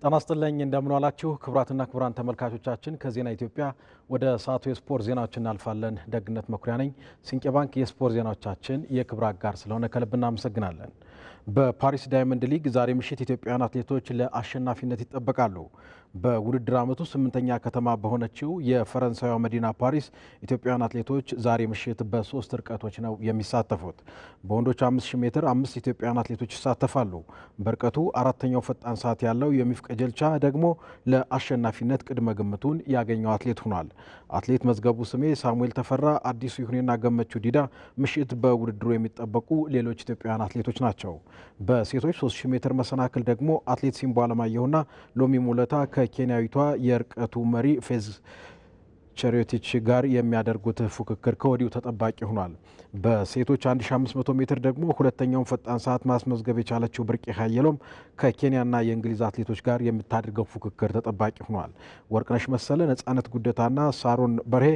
ጤና ይስጥልኝ እንደምን ዋላችሁ ክቡራትና ክቡራን ተመልካቾቻችን ከዜና ኢትዮጵያ ወደ ሰዓቱ የስፖርት ዜናዎች እናልፋለን ደግነት መኩሪያ ነኝ ሲንቄ ባንክ የስፖርት ዜናዎቻችን የክብር አጋር ስለሆነ ከልብ እናመሰግናለን በፓሪስ ዳይመንድ ሊግ ዛሬ ምሽት ኢትዮጵያውያን አትሌቶች ለአሸናፊነት ይጠበቃሉ በውድድር ዓመቱ ስምንተኛ ከተማ በሆነችው የፈረንሳዊ መዲና ፓሪስ ኢትዮጵያውያን አትሌቶች ዛሬ ምሽት በሶስት ርቀቶች ነው የሚሳተፉት። በወንዶች አምስት ሜትር አምስት ኢትዮጵያውያን አትሌቶች ይሳተፋሉ። በርቀቱ አራተኛው ፈጣን ሰዓት ያለው የሚፍቅ ጀልቻ ደግሞ ለአሸናፊነት ቅድመ ግምቱን ያገኘው አትሌት ሆኗል። አትሌት መዝገቡ ስሜ፣ ሳሙኤል ተፈራ፣ አዲሱ ይሁኔና ገመችው ዲዳ ምሽት በውድድሩ የሚጠበቁ ሌሎች ኢትዮጵያውያን አትሌቶች ናቸው። በሴቶች ሶስት ሜትር መሰናክል ደግሞ አትሌት ሲምቦ አለማየሁና ሎሚ ሙለታ ከ ከኬንያዊቷ የርቀቱ መሪ ፌዝ ቸሪዮቲች ጋር የሚያደርጉት ፉክክር ከወዲሁ ተጠባቂ ሆኗል። በሴቶች 1500 ሜትር ደግሞ ሁለተኛውን ፈጣን ሰዓት ማስመዝገብ የቻለችው ብርቅ ሀየሎም ከኬንያና የእንግሊዝ አትሌቶች ጋር የምታደርገው ፉክክር ተጠባቂ ሆኗል። ወርቅነሽ መሰለ፣ ነጻነት ጉደታና ሳሮን በርሄ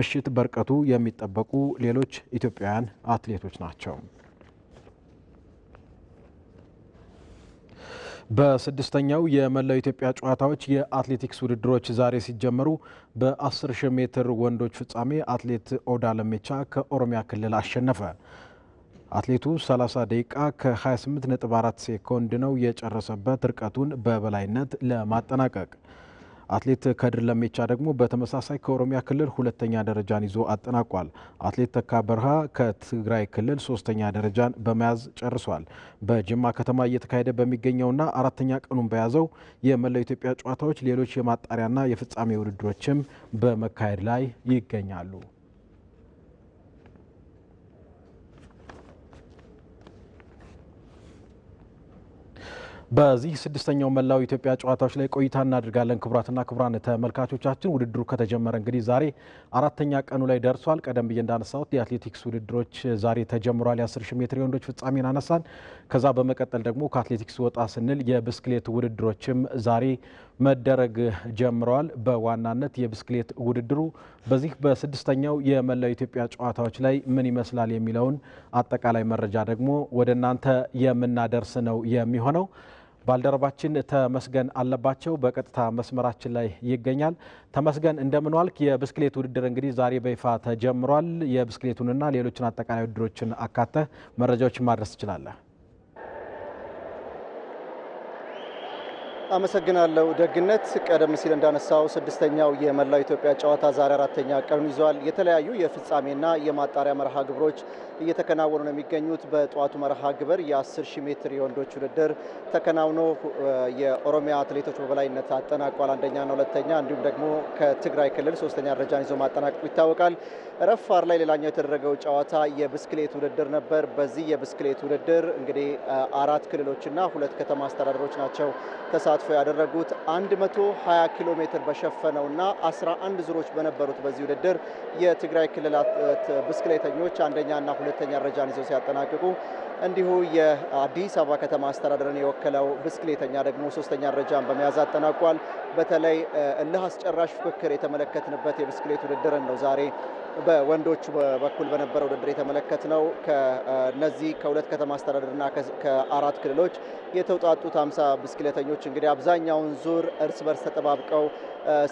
ምሽት በርቀቱ የሚጠበቁ ሌሎች ኢትዮጵያውያን አትሌቶች ናቸው። በስድስተኛው የመላው ኢትዮጵያ ጨዋታዎች የአትሌቲክስ ውድድሮች ዛሬ ሲጀመሩ በ10 ሺህ ሜትር ወንዶች ፍጻሜ አትሌት ኦዳ ለሜቻ ከኦሮሚያ ክልል አሸነፈ። አትሌቱ 30 ደቂቃ ከ28.4 ሴኮንድ ነው የጨረሰበት ርቀቱን በበላይነት ለማጠናቀቅ አትሌት ከድር ለሜቻ ደግሞ በተመሳሳይ ከኦሮሚያ ክልል ሁለተኛ ደረጃን ይዞ አጠናቋል። አትሌት ተካ በርሃ ከትግራይ ክልል ሶስተኛ ደረጃን በመያዝ ጨርሷል። በጅማ ከተማ እየተካሄደ በሚገኘውና አራተኛ ቀኑን በያዘው የመላው ኢትዮጵያ ጨዋታዎች ሌሎች የማጣሪያና የፍጻሜ ውድድሮችም በመካሄድ ላይ ይገኛሉ። በዚህ ስድስተኛው መላው ኢትዮጵያ ጨዋታዎች ላይ ቆይታ እናድርጋለን። ክቡራትና ክቡራን ተመልካቾቻችን ውድድሩ ከተጀመረ እንግዲህ ዛሬ አራተኛ ቀኑ ላይ ደርሷል። ቀደም ብዬ እንዳነሳሁት የአትሌቲክስ ውድድሮች ዛሬ ተጀምሯል። የአስር ሺህ ሜትር የወንዶች ፍጻሜን አነሳን። ከዛ በመቀጠል ደግሞ ከአትሌቲክስ ወጣ ስንል የብስክሌት ውድድሮችም ዛሬ መደረግ ጀምረዋል። በዋናነት የብስክሌት ውድድሩ በዚህ በስድስተኛው የመላው ኢትዮጵያ ጨዋታዎች ላይ ምን ይመስላል የሚለውን አጠቃላይ መረጃ ደግሞ ወደ እናንተ የምናደርስ ነው የሚሆነው። ባልደረባችን ተመስገን አለባቸው በቀጥታ መስመራችን ላይ ይገኛል። ተመስገን እንደምን ዋልክ? የብስክሌት ውድድር እንግዲህ ዛሬ በይፋ ተጀምሯል። የብስክሌቱንና ሌሎችን አጠቃላይ ውድድሮችን አካተህ መረጃዎችን ማድረስ ትችላለህ? አመሰግናለሁ ደግነት። ቀደም ሲል እንዳነሳው ስድስተኛው የመላው ኢትዮጵያ ጨዋታ ዛሬ አራተኛ ቀኑን ይዟል። የተለያዩ የፍጻሜና የማጣሪያ መርሃ ግብሮች እየተከናወኑ ነው የሚገኙት። በጠዋቱ መርሃ ግብር የ10 ሺህ ሜትር የወንዶች ውድድር ተከናውኖ የኦሮሚያ አትሌቶች በበላይነት አጠናቋል። አንደኛና ሁለተኛ እንዲሁም ደግሞ ከትግራይ ክልል ሶስተኛ ደረጃን ይዞ ማጠናቀቁ ይታወቃል። ረፋር ላይ ሌላኛው የተደረገው ጨዋታ የብስክሌት ውድድር ነበር። በዚህ የብስክሌት ውድድር እንግዲህ አራት ክልሎችና ሁለት ከተማ አስተዳደሮች ናቸው ተሳትፎ ተሳትፎ ያደረጉት 120 ኪሎ ሜትር በሸፈነውና 11 ዙሮች በነበሩት በዚህ ውድድር የትግራይ ክልላት ብስክሌተኞች አንደኛና ሁለተኛ ደረጃን ይዘው ሲያጠናቅቁ እንዲሁ የአዲስ አበባ ከተማ አስተዳደርን የወከለው ብስክሌተኛ ደግሞ ሶስተኛ ደረጃን በመያዝ አጠናቋል። በተለይ እልህ አስጨራሽ ፍክክር የተመለከትንበት የብስክሌት ውድድርን ነው ዛሬ በወንዶቹ በኩል በነበረ ውድድር ነው። ከነዚህ ከሁለት ከተማ አስተዳደርና ከአራት ክልሎች የተውጣጡት 50 ብስክሌተኞች እንግዲህ እንግዲህ አብዛኛውን ዙር እርስ በርስ ተጠባብቀው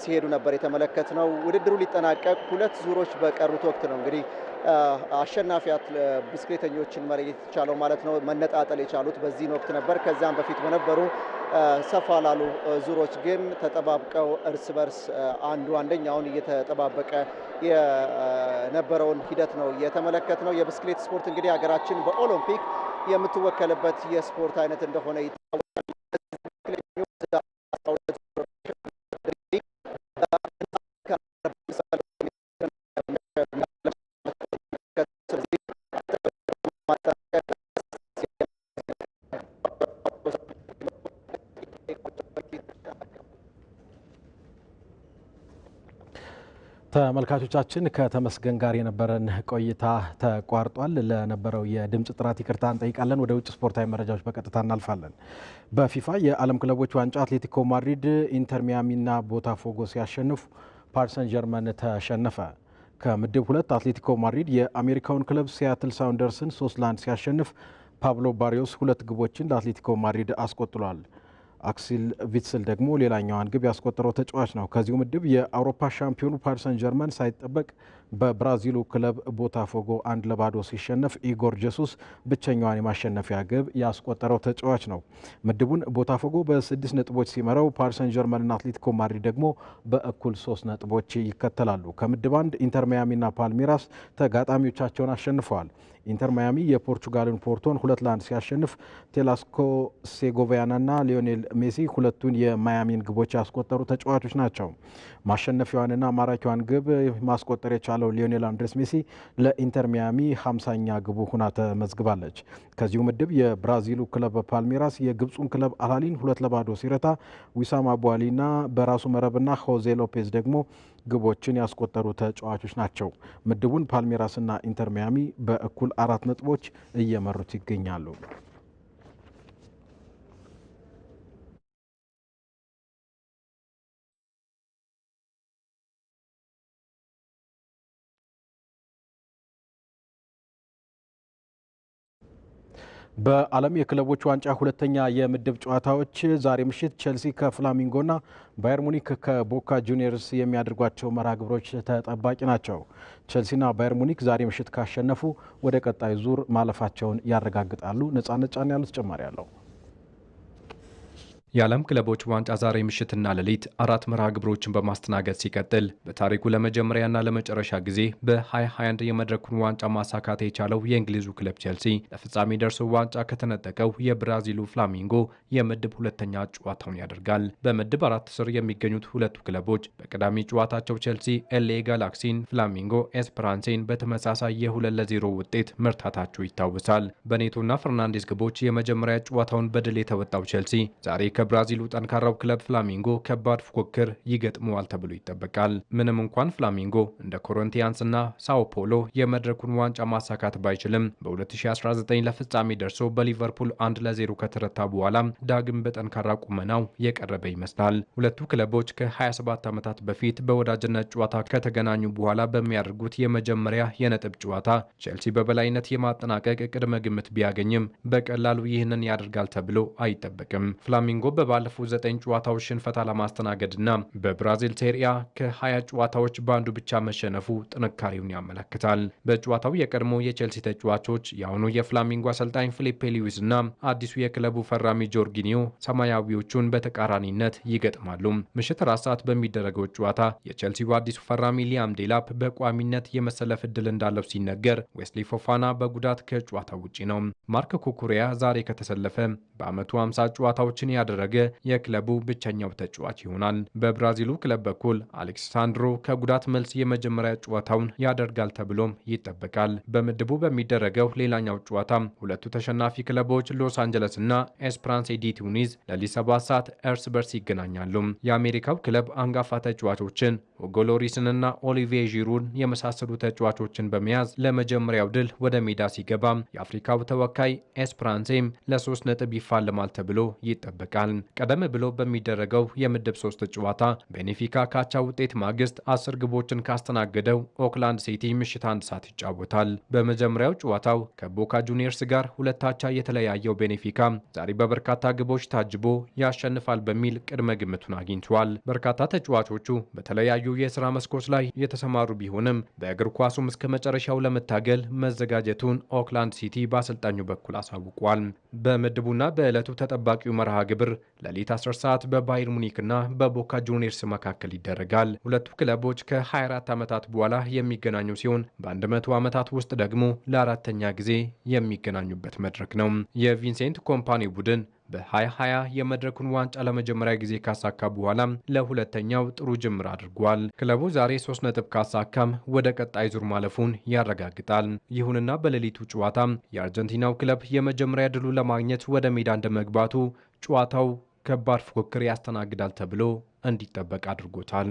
ሲሄዱ ነበር የተመለከት ነው። ውድድሩ ሊጠናቀቅ ሁለት ዙሮች በቀሩት ወቅት ነው እንግዲህ አሸናፊ ብስክሌተኞችን መለየት የቻለው ማለት ነው። መነጣጠል የቻሉት በዚህን ወቅት ነበር። ከዚያም በፊት በነበሩ ሰፋ ላሉ ዙሮች ግን ተጠባብቀው እርስ በርስ አንዱ አንደኛውን እየተጠባበቀ የነበረውን ሂደት ነው የተመለከት ነው። የብስክሌት ስፖርት እንግዲህ ሀገራችን በኦሎምፒክ የምትወከልበት የስፖርት አይነት እንደሆነ ይታወቃል። ተመልካቾቻችን ከተመስገን ጋር የነበረን ቆይታ ተቋርጧል። ለነበረው የድምፅ ጥራት ይቅርታ እንጠይቃለን። ወደ ውጭ ስፖርታዊ መረጃዎች በቀጥታ እናልፋለን። በፊፋ የዓለም ክለቦች ዋንጫ አትሌቲኮ ማድሪድ ኢንተር ሚያሚና ቦታፎጎ ሲያሸንፉ ፓሪስ ጀርመን ተሸነፈ። ከምድብ ሁለት አትሌቲኮ ማድሪድ የአሜሪካውን ክለብ ሲያትል ሳውንደርስን ሶስት ለአንድ ሲያሸንፍ ፓብሎ ባሪዮስ ሁለት ግቦችን ለአትሌቲኮ ማድሪድ አስቆጥሏል። አክሲል ቪትስል ደግሞ ሌላኛዋን ግብ ያስቆጠረው ተጫዋች ነው። ከዚሁ ምድብ የአውሮፓ ሻምፒዮኑ ፓሪሰን ጀርመን ሳይጠበቅ በብራዚሉ ክለብ ቦታፎጎ አንድ ለባዶ ሲሸነፍ ኢጎር ጀሱስ ብቸኛዋን የማሸነፊያ ግብ ያስቆጠረው ተጫዋች ነው። ምድቡን ቦታፎጎ በስድስት ነጥቦች ሲመራው ፓሪሰን ጀርመንና አትሌቲኮ ማድሪድ ደግሞ በእኩል ሶስት ነጥቦች ይከተላሉ። ከምድብ አንድ ኢንተር ማያሚና ፓልሜራስ ተጋጣሚዎቻቸውን አሸንፈዋል። ኢንተር ማያሚ የፖርቹጋልን ፖርቶን ሁለት ለአንድ ሲያሸንፍ ቴላስኮ ሴጎቪያናና ሊዮኔል ሜሲ ሁለቱን የማያሚን ግቦች ያስቆጠሩ ተጫዋቾች ናቸው። ማሸነፊያዋንና ማራኪዋን ግብ ማስቆጠር የቻለው የተባለው ሊዮኔል አንድሬስ ሜሲ ለኢንተር ሚያሚ ሃምሳኛ ግቡ ሁና ተመዝግባለች። ከዚሁ ምድብ የብራዚሉ ክለብ ፓልሜራስ የግብፁን ክለብ አላሊን ሁለት ለባዶ ሲረታ ዊሳም አቧሊና በራሱ መረብና ሆዜ ሎፔዝ ደግሞ ግቦችን ያስቆጠሩ ተጫዋቾች ናቸው። ምድቡን ፓልሜራስና ኢንተር ሚያሚ በእኩል አራት ነጥቦች እየመሩት ይገኛሉ። በዓለም የክለቦች ዋንጫ ሁለተኛ የምድብ ጨዋታዎች ዛሬ ምሽት ቼልሲ ከፍላሚንጎና ባየር ሙኒክ ከቦካ ጁኒየርስ የሚያደርጓቸው መርሃ ግብሮች ተጠባቂ ናቸው። ቼልሲና ባየር ሙኒክ ዛሬ ምሽት ካሸነፉ ወደ ቀጣይ ዙር ማለፋቸውን ያረጋግጣሉ። ነጻነት ጫን ያሉት ጭማሪ አለው። የዓለም ክለቦች ዋንጫ ዛሬ ምሽትና ሌሊት አራት መርሃ ግብሮችን በማስተናገድ ሲቀጥል በታሪኩ ለመጀመሪያና ለመጨረሻ ጊዜ በ2021 የመድረኩን ዋንጫ ማሳካት የቻለው የእንግሊዙ ክለብ ቼልሲ ለፍጻሜ ደርሶ ዋንጫ ከተነጠቀው የብራዚሉ ፍላሚንጎ የምድብ ሁለተኛ ጨዋታውን ያደርጋል። በምድብ አራት ስር የሚገኙት ሁለቱ ክለቦች በቀዳሚ ጨዋታቸው ቼልሲ ኤልኤ ጋላክሲን፣ ፍላሚንጎ ኤስፐራንሴን በተመሳሳይ የሁለት ለዜሮ ውጤት መርታታቸው ይታወሳል። በኔቶና ፈርናንዴስ ግቦች የመጀመሪያ ጨዋታውን በድል የተወጣው ቼልሲ ዛሬ ከብራዚሉ ጠንካራው ክለብ ፍላሚንጎ ከባድ ፉክክር ይገጥመዋል ተብሎ ይጠበቃል። ምንም እንኳን ፍላሚንጎ እንደ ኮሪንቲያንስ እና ሳኦ ፖሎ የመድረኩን ዋንጫ ማሳካት ባይችልም በ2019 ለፍጻሜ ደርሶ በሊቨርፑል አንድ ለዜሮ ከተረታ በኋላ ዳግም በጠንካራ ቁመናው የቀረበ ይመስላል። ሁለቱ ክለቦች ከ27 ዓመታት በፊት በወዳጅነት ጨዋታ ከተገናኙ በኋላ በሚያደርጉት የመጀመሪያ የነጥብ ጨዋታ ቼልሲ በበላይነት የማጠናቀቅ ቅድመ ግምት ቢያገኝም በቀላሉ ይህንን ያደርጋል ተብሎ አይጠበቅም። ፍላሚንጎ በባለፉት ዘጠኝ ጨዋታዎች ሽንፈት አለማስተናገድና በብራዚል ሴሪያ ከ20 ጨዋታዎች በአንዱ ብቻ መሸነፉ ጥንካሬውን ያመለክታል። በጨዋታው የቀድሞ የቼልሲ ተጫዋቾች የአሁኑ የፍላሚንጎ አሰልጣኝ ፊሊፔ ሊዊስ እና አዲሱ የክለቡ ፈራሚ ጆርጊኒዮ ሰማያዊዎቹን በተቃራኒነት ይገጥማሉ። ምሽት አራት ሰዓት በሚደረገው ጨዋታ የቼልሲው አዲሱ ፈራሚ ሊያም ዴላፕ በቋሚነት የመሰለፍ እድል እንዳለው ሲነገር፣ ዌስሊ ፎፋና በጉዳት ከጨዋታው ውጪ ነው። ማርክ ኩኩሪያ ዛሬ ከተሰለፈ በዓመቱ 50 ጨዋታዎችን ያደረ ያደረገ የክለቡ ብቸኛው ተጫዋች ይሆናል። በብራዚሉ ክለብ በኩል አሌክሳንድሮ ከጉዳት መልስ የመጀመሪያ ጨዋታውን ያደርጋል ተብሎም ይጠበቃል። በምድቡ በሚደረገው ሌላኛው ጨዋታ ሁለቱ ተሸናፊ ክለቦች ሎስ አንጀለስ እና ኤስፕራንሴ ዲ ቱኒዝ ለሊት ሰባት ሰዓት እርስ በርስ ይገናኛሉ። የአሜሪካው ክለብ አንጋፋ ተጫዋቾችን ጎሎሪስን እና ኦሊቪዬ ዢሩን የመሳሰሉ ተጫዋቾችን በመያዝ ለመጀመሪያው ድል ወደ ሜዳ ሲገባ የአፍሪካው ተወካይ ኤስፕራንሴም ለሶስት ነጥብ ይፋለማል ተብሎ ይጠበቃል። ቃልን ቀደም ብሎ በሚደረገው የምድብ ሶስት ጨዋታ ቤኔፊካ ካቻ ውጤት ማግስት አስር ግቦችን ካስተናገደው ኦክላንድ ሲቲ ምሽት አንድ ሰዓት ይጫወታል። በመጀመሪያው ጨዋታው ከቦካ ጁኒየርስ ጋር ሁለታቻ የተለያየው ቤኔፊካ ዛሬ በበርካታ ግቦች ታጅቦ ያሸንፋል በሚል ቅድመ ግምቱን አግኝቷል። በርካታ ተጫዋቾቹ በተለያዩ የስራ መስኮች ላይ የተሰማሩ ቢሆንም በእግር ኳሱም እስከ መጨረሻው ለመታገል መዘጋጀቱን ኦክላንድ ሲቲ በአሰልጣኙ በኩል አሳውቋል። በምድቡና በዕለቱ ተጠባቂው መርሃ ግብር ሌሊት 10 ሰዓት በባየር ሙኒክና በቦካ ጁኒየርስ መካከል ይደረጋል። ሁለቱ ክለቦች ከ24 ዓመታት በኋላ የሚገናኙ ሲሆን በ100 ዓመታት ውስጥ ደግሞ ለአራተኛ ጊዜ የሚገናኙበት መድረክ ነው። የቪንሴንት ኮምፓኒ ቡድን በ2020 የመድረኩን ዋንጫ ለመጀመሪያ ጊዜ ካሳካ በኋላ ለሁለተኛው ጥሩ ጅምር አድርጓል። ክለቡ ዛሬ ሶስት ነጥብ ካሳካም ወደ ቀጣይ ዙር ማለፉን ያረጋግጣል። ይሁንና በሌሊቱ ጨዋታ የአርጀንቲናው ክለብ የመጀመሪያ ድሉ ለማግኘት ወደ ሜዳ እንደመግባቱ ጨዋታው ከባድ ፉክክር ያስተናግዳል ተብሎ እንዲጠበቅ አድርጎታል።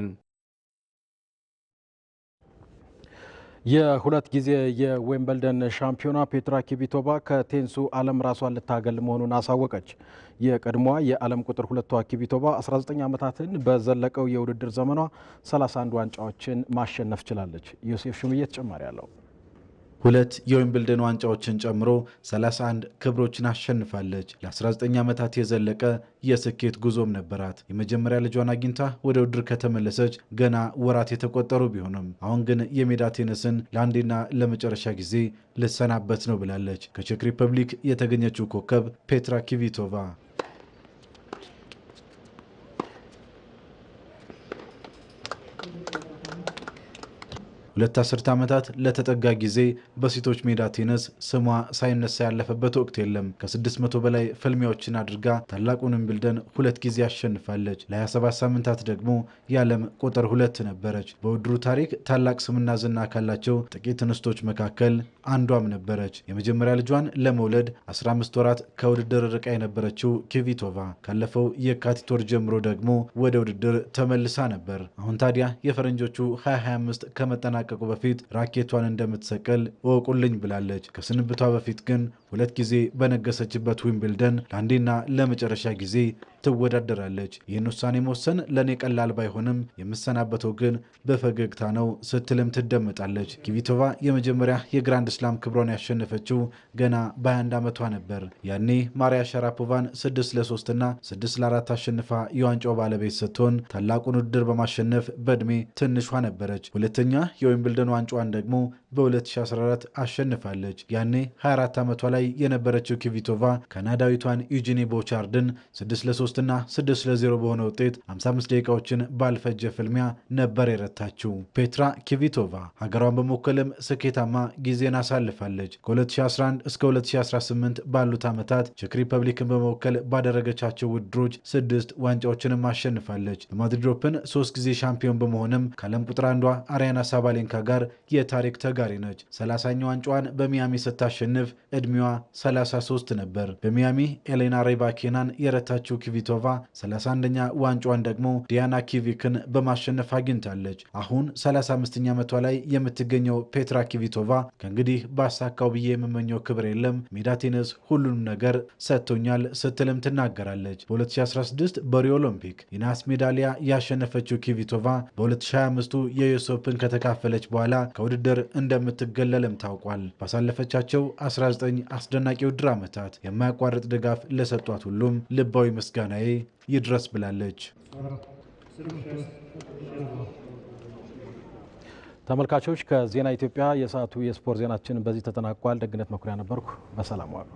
የሁለት ጊዜ የዌምበልደን ሻምፒዮና ፔትራ ኪቢቶቫ ከቴኒሱ ዓለም ራሷን ልታገል መሆኑን አሳወቀች። የቀድሞዋ የዓለም ቁጥር ሁለቷ ኪቪቶቫ 19 ዓመታትን በዘለቀው የውድድር ዘመኗ 31 ዋንጫዎችን ማሸነፍ ችላለች። ዮሴፍ ሹምዬ ተጨማሪ አለው። ሁለት የዊምብልደን ዋንጫዎችን ጨምሮ 31 ክብሮችን አሸንፋለች። ለ19 ዓመታት የዘለቀ የስኬት ጉዞም ነበራት። የመጀመሪያ ልጇን አግኝታ ወደ ውድድር ከተመለሰች ገና ወራት የተቆጠሩ ቢሆንም አሁን ግን የሜዳ ቴኒስን ለአንዴና ለመጨረሻ ጊዜ ልሰናበት ነው ብላለች። ከቼክ ሪፐብሊክ የተገኘችው ኮከብ ፔትራ ኪቪቶቫ ሁለት አስርተ ዓመታት ለተጠጋ ጊዜ በሴቶች ሜዳ ቴነስ ስሟ ሳይነሳ ያለፈበት ወቅት የለም። ከ600 በላይ ፍልሚያዎችን አድርጋ ታላቁን ዊምብልደን ሁለት ጊዜ አሸንፋለች። ለ27 ሳምንታት ደግሞ የዓለም ቁጥር ሁለት ነበረች። በውድሩ ታሪክ ታላቅ ስምና ዝና ካላቸው ጥቂት እንስቶች መካከል አንዷም ነበረች። የመጀመሪያ ልጇን ለመውለድ 15 ወራት ከውድድር ርቃ የነበረችው ኪቪቶቫ ካለፈው የካቲት ወር ጀምሮ ደግሞ ወደ ውድድር ተመልሳ ነበር። አሁን ታዲያ የፈረንጆቹ 2025 ከመጠና ከመጠናቀቁ በፊት ራኬቷን እንደምትሰቅል እወቁልኝ ብላለች። ከስንብቷ በፊት ግን ሁለት ጊዜ በነገሰችበት ዊምብልደን ለአንዴና ለመጨረሻ ጊዜ ትወዳደራለች። ይህን ውሳኔ መወሰን ለእኔ ቀላል ባይሆንም የምሰናበተው ግን በፈገግታ ነው ስትልም ትደመጣለች። ኪቪቶቫ የመጀመሪያ የግራንድ ስላም ክብሯን ያሸነፈችው ገና በ21 ዓመቷ ነበር። ያኔ ማሪያ ሸራፖቫን 6 ለ3 እና 6 ለ4 አሸንፋ የዋንጫው ባለቤት ስትሆን ታላቁን ውድድር በማሸነፍ በዕድሜ ትንሿ ነበረች። ሁለተኛ የዊምብልደን ዋንጫዋን ደግሞ በ2014 አሸንፋለች። ያኔ 24 ዓመቷ ላይ ላይ የነበረችው ኪቪቶቫ ካናዳዊቷን ዩጂኒ ቦቻርድን 6 ለ3 እና 6 ለ0 በሆነ ውጤት 55 ደቂቃዎችን ባልፈጀ ፍልሚያ ነበር የረታችው። ፔትራ ኪቪቶቫ ሀገሯን በመወከልም ስኬታማ ጊዜን አሳልፋለች። ከ2011 እስከ 2018 ባሉት ዓመታት ቼክ ሪፐብሊክን በመወከል ባደረገቻቸው ውድድሮች ስድስት ዋንጫዎችንም አሸንፋለች። በማድሪድ ኦፕን ሶስት ጊዜ ሻምፒዮን በመሆንም ከዓለም ቁጥር አንዷ አሪያና ሳባሌንካ ጋር የታሪክ ተጋሪ ነች። ሰላሳኛ ዋንጫዋን በሚያሚ ስታሸንፍ ዕድሜዋ 33 ነበር። በሚያሚ ኤሌና ሬባኪናን የረታችው ኪቪቶቫ 31ኛ ዋንጫዋን ደግሞ ዲያና ኪቪክን በማሸነፍ አግኝታለች። አሁን 35ኛ ዓመቷ ላይ የምትገኘው ፔትራ ኪቪቶቫ ከእንግዲህ ባሳካው ብዬ የምመኘው ክብር የለም፣ ሜዳ ቴኒስ ሁሉንም ነገር ሰጥቶኛል ስትልም ትናገራለች። በ2016 በሪ ኦሎምፒክ የነሐስ ሜዳሊያ ያሸነፈችው ኪቪቶቫ በ2025 የዩኤስ ኦፕን ከተካፈለች በኋላ ከውድድር እንደምትገለልም ታውቋል። ባሳለፈቻቸው 19 አስደናቂ ውድድር ዓመታት የማያቋርጥ ድጋፍ ለሰጧት ሁሉም ልባዊ ምስጋናዬ ይድረስ ብላለች። ተመልካቾች ከዜና ኢትዮጵያ የሰዓቱ የስፖርት ዜናችን በዚህ ተጠናቋል። ደግነት መኩሪያ ነበርኩ። በሰላም ዋሉ።